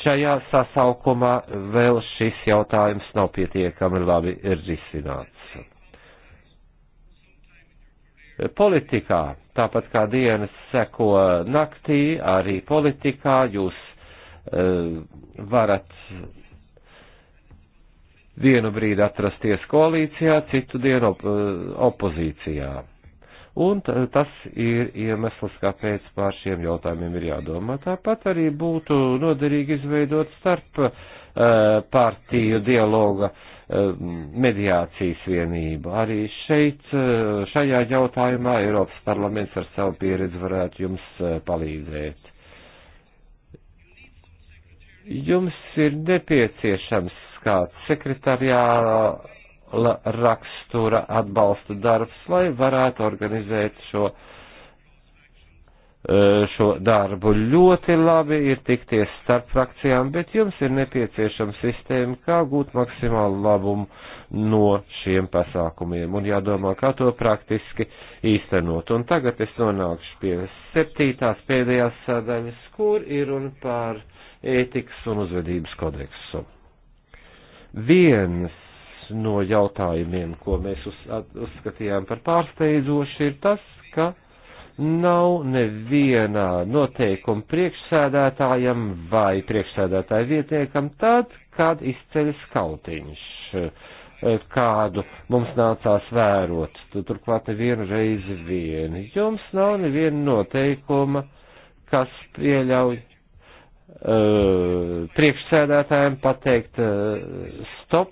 šajā sasaukumā vēl šis jautājums nav pietiekami labi risināts. Politikā, tāpat kā dienas seko naktī, arī politikā jūs uh, varat vienu brīdi atrasties koalīcijā, citu dienu op opozīcijā. Un tas ir iemesls, kāpēc pār šiem jautājumiem ir jādomā. Tāpat arī būtu noderīgi izveidot starp uh, partiju dialoga uh, mediācijas vienību. Arī šeit, uh, šajā jautājumā, Eiropas parlaments ar savu pieredzi varētu jums palīdzēt. Jums ir nepieciešams kāds sekretariāts rakstura atbalsta darbs, lai varētu organizēt šo, e, šo darbu. Ļoti labi ir tikties starp frakcijām, bet jums ir nepieciešama sistēma, kā gūt maksimālu labumu no šiem pasākumiem un jādomā, kā to praktiski īstenot. Un tagad es nonākšu pie septītās pēdējās sadaļas, kur ir un par ētikas un uzvedības kodeksu. Viens no jautājumiem, ko mēs uz, uzskatījām par pārsteidzoši, ir tas, ka nav nevienā noteikuma priekšsēdētājam vai priekšsēdētāja vietniekam tad, kad izceļas kautiņš, kādu mums nācās vērot. Turklāt nevienu reizi vienu. Jums nav neviena noteikuma, kas pieļauj uh, priekšsēdētājiem pateikt uh, stop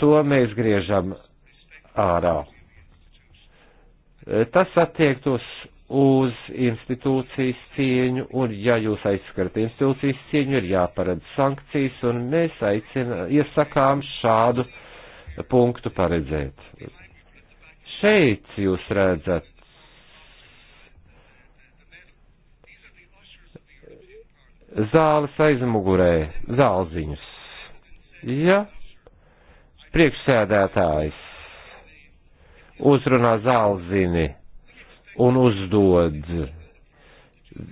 to mēs griežam ārā. Tas attiektos uz institūcijas cieņu, un ja jūs aizskarat institūcijas cieņu, ir jāparedz sankcijas, un mēs aicina, iesakām šādu punktu paredzēt. Šeit jūs redzat zāles aizmugurē, zālziņus. Ja priekšsēdētājs uzrunā zālzini un uzdod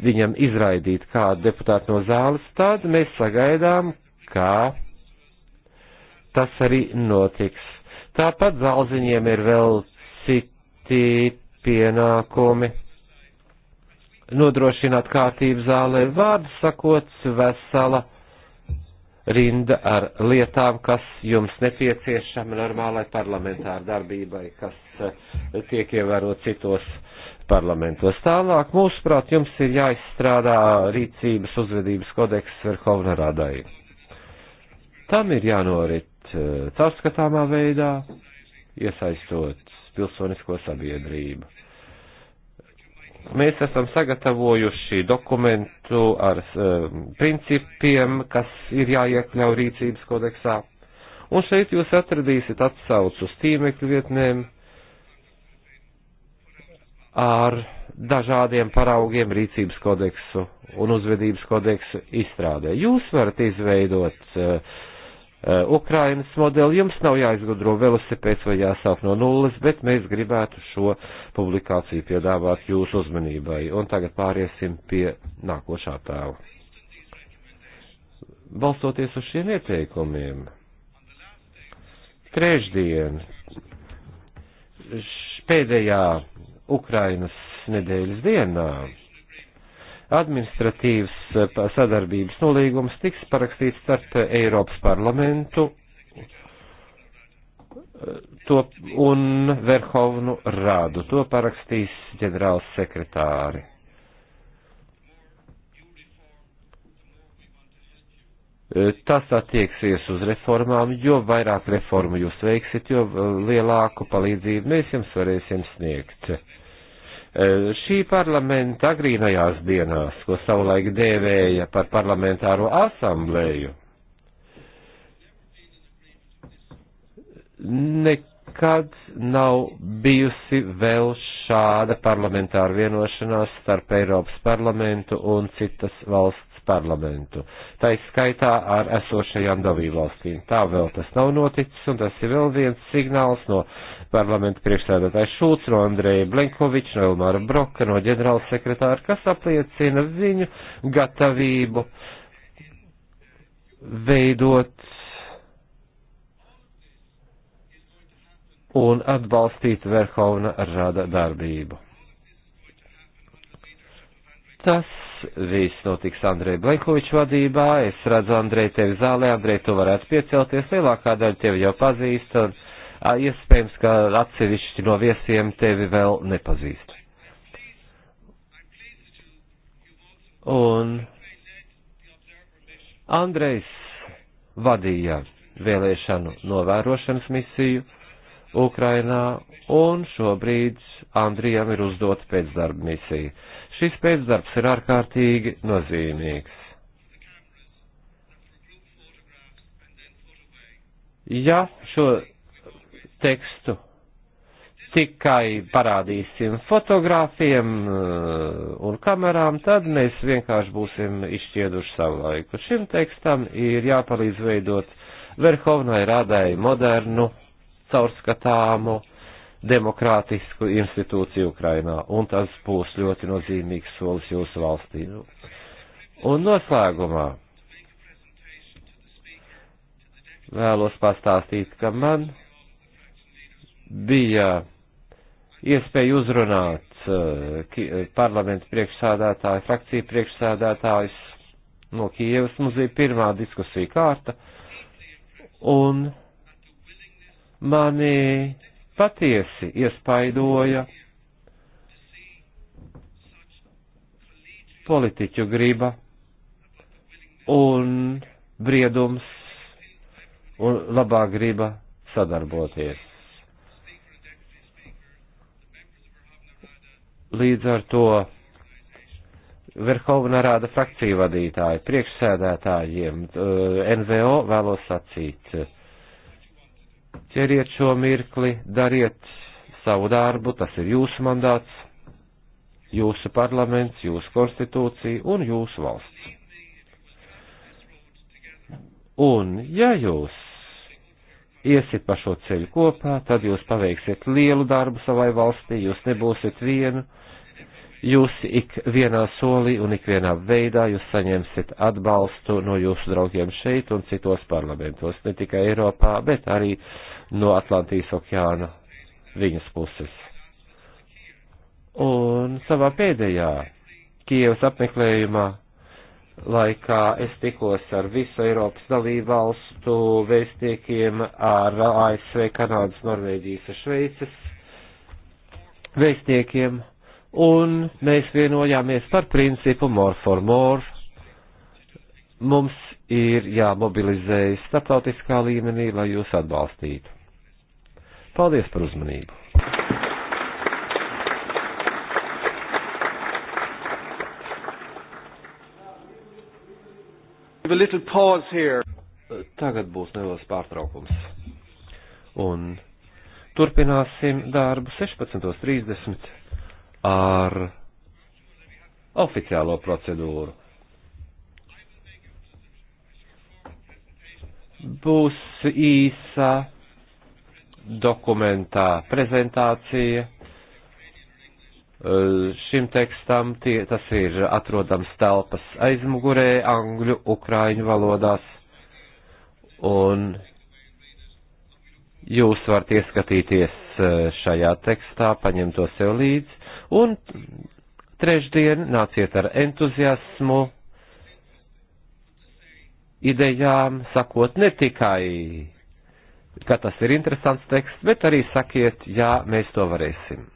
viņam izraidīt kādu deputātu no zāles, tad mēs sagaidām, kā tas arī notiks. Tāpat zālziņiem ir vēl citi pienākumi. Nodrošināt kārtību zālē, vārdu sakot, vesela rinda ar lietām, kas jums nepieciešama normālai parlamentāra darbībai, kas eh, tiek ievērot citos parlamentos. Tālāk, mūsuprāt, jums ir jāizstrādā rīcības uzvedības kodeks Verhovna Radai. Tam ir jānorit eh, caurskatāmā veidā, iesaistot pilsonisko sabiedrību. Mēs esam sagatavojuši dokumentu ar um, principiem, kas ir jāiekļau rīcības kodeksā. Un šeit jūs atradīsiet atsaucu uz tīmekļu vietnēm ar dažādiem paraugiem rīcības kodeksu un uzvedības kodeksu izstrādē. Jūs varat izveidot uh, Eh, Ukrainas modeli. Jums nav jāizgudro velosipēds vai jāsāk no nulles, bet mēs gribētu šo publikāciju piedāvāt jūsu uzmanībai. Un tagad pāriesim pie nākošā tēla. Balstoties uz šiem ieteikumiem, trešdien, pēdējā Ukrainas nedēļas dienā, administratīvas eh, sadarbības nolīgums tiks parakstīts starp eh, Eiropas parlamentu eh, to, un Verhovnu rādu. To parakstīs ģenerāls sekretāri. Tas attieksies uz reformām, jo vairāk reformu jūs veiksiet, jo lielāku palīdzību mēs jums varēsim sniegt. E, šī parlamenta agrīnajās dienās, ko savulaik dēvēja par parlamentāro asamblēju, nekad nav bijusi vēl šāda parlamentāra vienošanās starp Eiropas parlamentu un citas valsts parlamentu. Tā ir skaitā ar esošajām dalībvalstīm. Tā vēl tas nav noticis, un tas ir vēl viens signāls no parlamenta priekšsēdētājs Šulc, no Andreja Blenkoviča, no Ilmāra Broka, no ģenerāla sekretāra, kas apliecina viņu gatavību veidot un atbalstīt Verhovna rada darbību. Tas viss notiks Andrei Blenkoviča vadībā. Es redzu, Andrei, tevi zālē, Andrei, tu varētu piecelties. Lielākā daļa tevi jau pazīst, un iespējams, ka atsevišķi no viesiem tevi vēl nepazīst. Un Andrejs vadīja vēlēšanu novērošanas misiju Ukrainā, un šobrīd Andrijam ir uzdota pēcdarba misija. Šis pēcdarbs ir ārkārtīgi nozīmīgs. Ja šo tekstu tikai parādīsim fotogrāfiem eh, un kamerām, tad mēs vienkārši būsim izšķieduši savu laiku. Šim tekstam ir jāpalīdz veidot Verhovnai rādai modernu, caurskatāmu, demokrātisku institūciju Ukrainā, un tas būs ļoti nozīmīgs solis jūsu valstī. Un noslēgumā vēlos pastāstīt, ka man bija iespēja uzrunāt uh, eh, parlamentu priekšsādātāju, frakciju priekšsādātājus no Kievas. Mums bija pirmā diskusija kārta, un mani patiesi iespaidoja politiķu griba un briedums un labā griba sadarboties. Līdz ar to Verhovna rāda frakciju vadītāju, priekšsēdētājiem, eh, NVO vēlos sacīt. Ķeriet šo mirkli, dariet savu darbu, tas ir jūsu mandāts, jūsu parlaments, jūsu konstitūcija un jūsu valsts. Un, ja jūs iesiet pa šo ceļu kopā, tad jūs paveiksiet lielu darbu savai valstī, jūs nebūsiet vienu, jūs ik vienā solī un ik vienā veidā jūs saņemsiet atbalstu no jūsu draugiem šeit un citos parlamentos, ne tikai Eiropā, bet arī no Atlantijas okeāna viņas puses. Un savā pēdējā Kievas apmeklējumā laikā es tikos ar visu Eiropas dalību valstu vēstniekiem, ar ASV, Kanādas, Norvēģijas un Šveices vēstniekiem, un mēs vienojāmies par principu more for more. Mums ir jāmobilizējas starptautiskā līmenī, lai jūs atbalstītu. Paldies par uzmanību! Tagad būs neliels pārtraukums. Un turpināsim darbu 16.30 ar oficiālo procedūru. Būs īsa dokumentā prezentācija Eh, šim tekstam, tie, tas ir atrodams telpas aizmugurē, angļu, ukraiņu valodās, un jūs varat ieskatīties eh, šajā tekstā, paņemt to sev līdzi, un trešdien nāciet ar entuziasmu, idejām, sakot ne tikai, ka tas ir interesants teksts, bet arī sakiet, jā, mēs to varēsim.